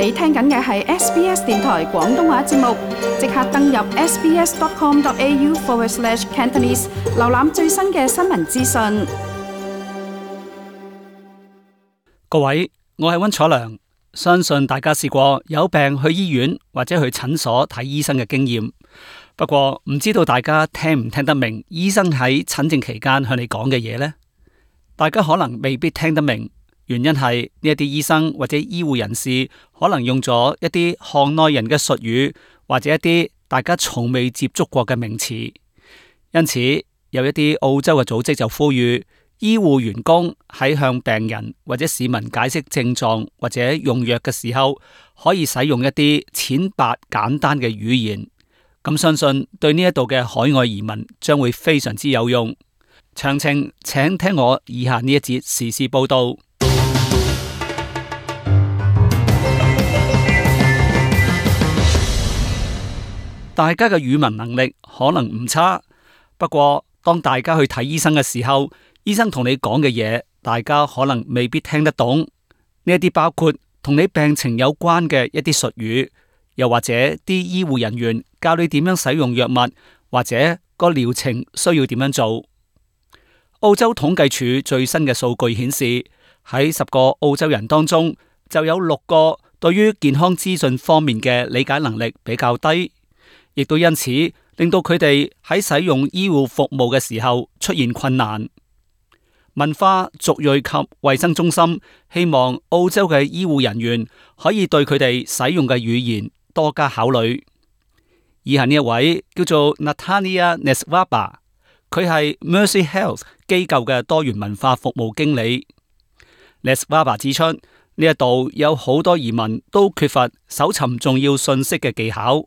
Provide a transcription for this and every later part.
你聽緊嘅係 SBS 電台廣東話節目，即刻登入 sbs.com.au/cantonese an 瀏覽最新嘅新聞資訊。各位，我係温楚良，相信大家試過有病去醫院或者去診所睇醫生嘅經驗，不過唔知道大家聽唔聽得明醫生喺診症期間向你講嘅嘢呢，大家可能未必聽得明。原因係呢一啲醫生或者醫護人士可能用咗一啲行內人嘅術語，或者一啲大家從未接觸過嘅名詞，因此有一啲澳洲嘅組織就呼籲醫護員工喺向病人或者市民解釋症狀或者用藥嘅時候，可以使用一啲淺白簡單嘅語言。咁相信對呢一度嘅海外移民將會非常之有用。詳情請聽我以下呢一節時事報道。大家嘅語文能力可能唔差，不過當大家去睇醫生嘅時候，醫生同你講嘅嘢，大家可能未必聽得懂。呢一啲包括同你病情有關嘅一啲術語，又或者啲醫護人員教你點樣使用藥物，或者個療程需要點樣做。澳洲統計處最新嘅數據顯示，喺十個澳洲人當中，就有六個對於健康資訊方面嘅理解能力比較低。亦都因此令到佢哋喺使用醫護服務嘅時候出現困難。文化、族裔及衛生中心希望澳洲嘅醫護人員可以對佢哋使用嘅語言多加考慮。以下呢一位叫做 Natania Neswaba，佢係 Mercy Health 機構嘅多元文化服務經理。Neswaba 指出，呢一度有好多移民都缺乏搜尋重要信息嘅技巧。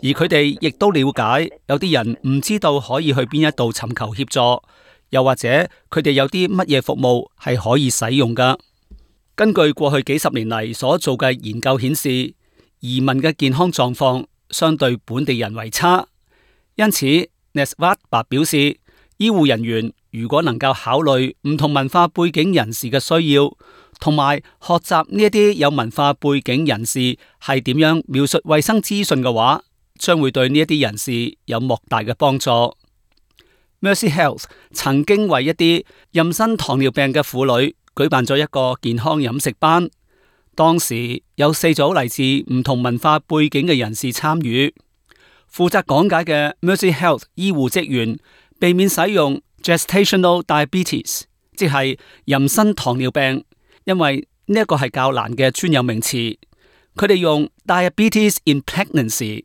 而佢哋亦都了解，有啲人唔知道可以去邊一度尋求協助，又或者佢哋有啲乜嘢服務係可以使用噶。根據過去幾十年嚟所做嘅研究顯示，移民嘅健康狀況相對本地人為差。因此 n e s r a t a 表示，醫護人員如果能夠考慮唔同文化背景人士嘅需要，同埋學習呢一啲有文化背景人士係點樣描述衛生資訊嘅話，將會對呢一啲人士有莫大嘅幫助。Mercy Health 曾經為一啲妊娠糖尿病嘅婦女舉辦咗一個健康飲食班，當時有四組嚟自唔同文化背景嘅人士參與。負責講解嘅 Mercy Health 醫護職員避免使用 Gestational Diabetes，即係妊娠糖尿病，因為呢一個係較難嘅專有名詞。佢哋用 Diabetes in pregnancy。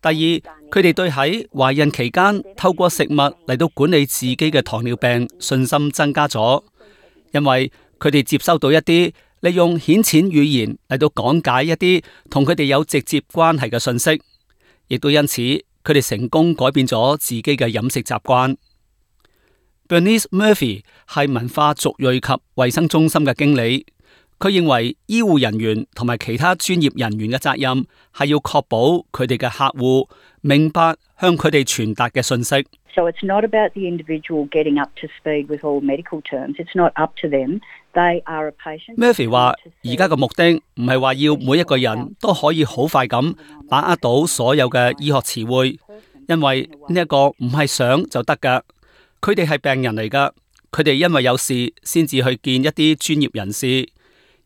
第二，佢哋對喺懷孕期間透過食物嚟到管理自己嘅糖尿病信心增加咗，因為佢哋接收到一啲利用顯淺語言嚟到講解一啲同佢哋有直接關係嘅信息，亦都因此佢哋成功改變咗自己嘅飲食習慣。Bernice Murphy 係文化族裔及衛生中心嘅經理。佢認為醫護人員同埋其他專業人員嘅責任係要確保佢哋嘅客戶明白向佢哋傳達嘅信息。So it's not about the individual getting up to speed with all medical terms. It's not up to them. They are a patient. Murphy 話，而家嘅目的唔係話要每一個人都可以好快咁把握到所有嘅醫學詞彙，因為呢一個唔係想就得噶。佢哋係病人嚟噶，佢哋因為有事先至去見一啲專業人士。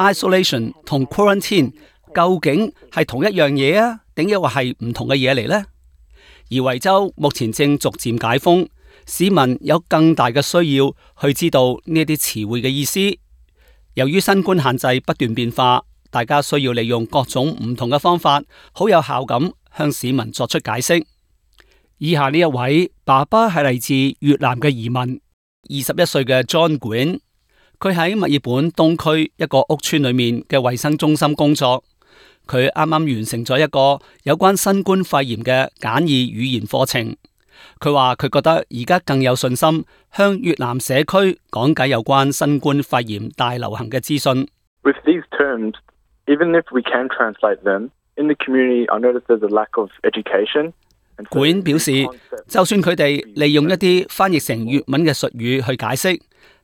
Isolation 同 quarantine 究竟係同一樣嘢啊？定一個係唔同嘅嘢嚟呢？而維州目前正逐漸解封，市民有更大嘅需要去知道呢啲詞彙嘅意思。由於新冠限制不斷變化，大家需要利用各種唔同嘅方法，好有效咁向市民作出解釋。以下呢一位爸爸係嚟自越南嘅移民，二十一歲嘅 John Nguyen。佢喺墨爾本東區一個屋村裏面嘅衛生中心工作，佢啱啱完成咗一個有關新冠肺炎嘅簡易語言課程。佢話佢覺得而家更有信心向越南社區講解有關新冠肺炎大流行嘅資訊。With these terms, even if we can translate them, in the community, I notice there's a lack of education. 管表示，就算佢哋利用一啲翻譯成粵文嘅術語去解釋。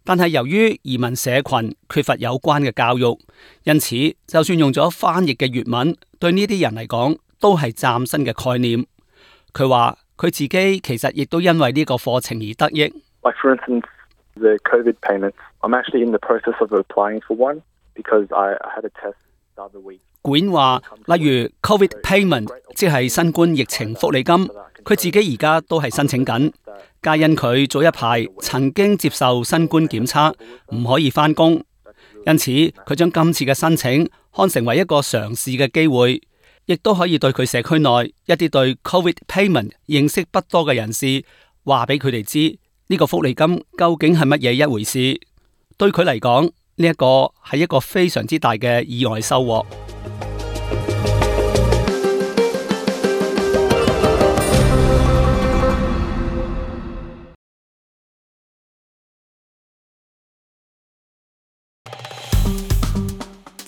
但係由於移民社群缺乏有關嘅教育，因此就算用咗翻譯嘅粵文，對呢啲人嚟講都係嶄新嘅概念。佢話佢自己其實亦都因為呢個課程而得益。管話例如 COVID payment，即係新冠疫情福利金，佢自己而家都係申請緊。皆因佢早一排曾經接受新冠檢測，唔可以翻工，因此佢將今次嘅申請看成為一個嘗試嘅機會，亦都可以對佢社區內一啲對 COVID payment 認識不多嘅人士話俾佢哋知呢個福利金究竟係乜嘢一回事。對佢嚟講，呢一個係一個非常之大嘅意外收穫。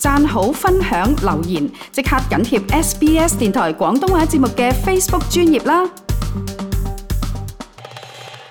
讚好分享、留言，即刻緊貼 SBS 電台廣東話節目嘅 Facebook 專頁啦！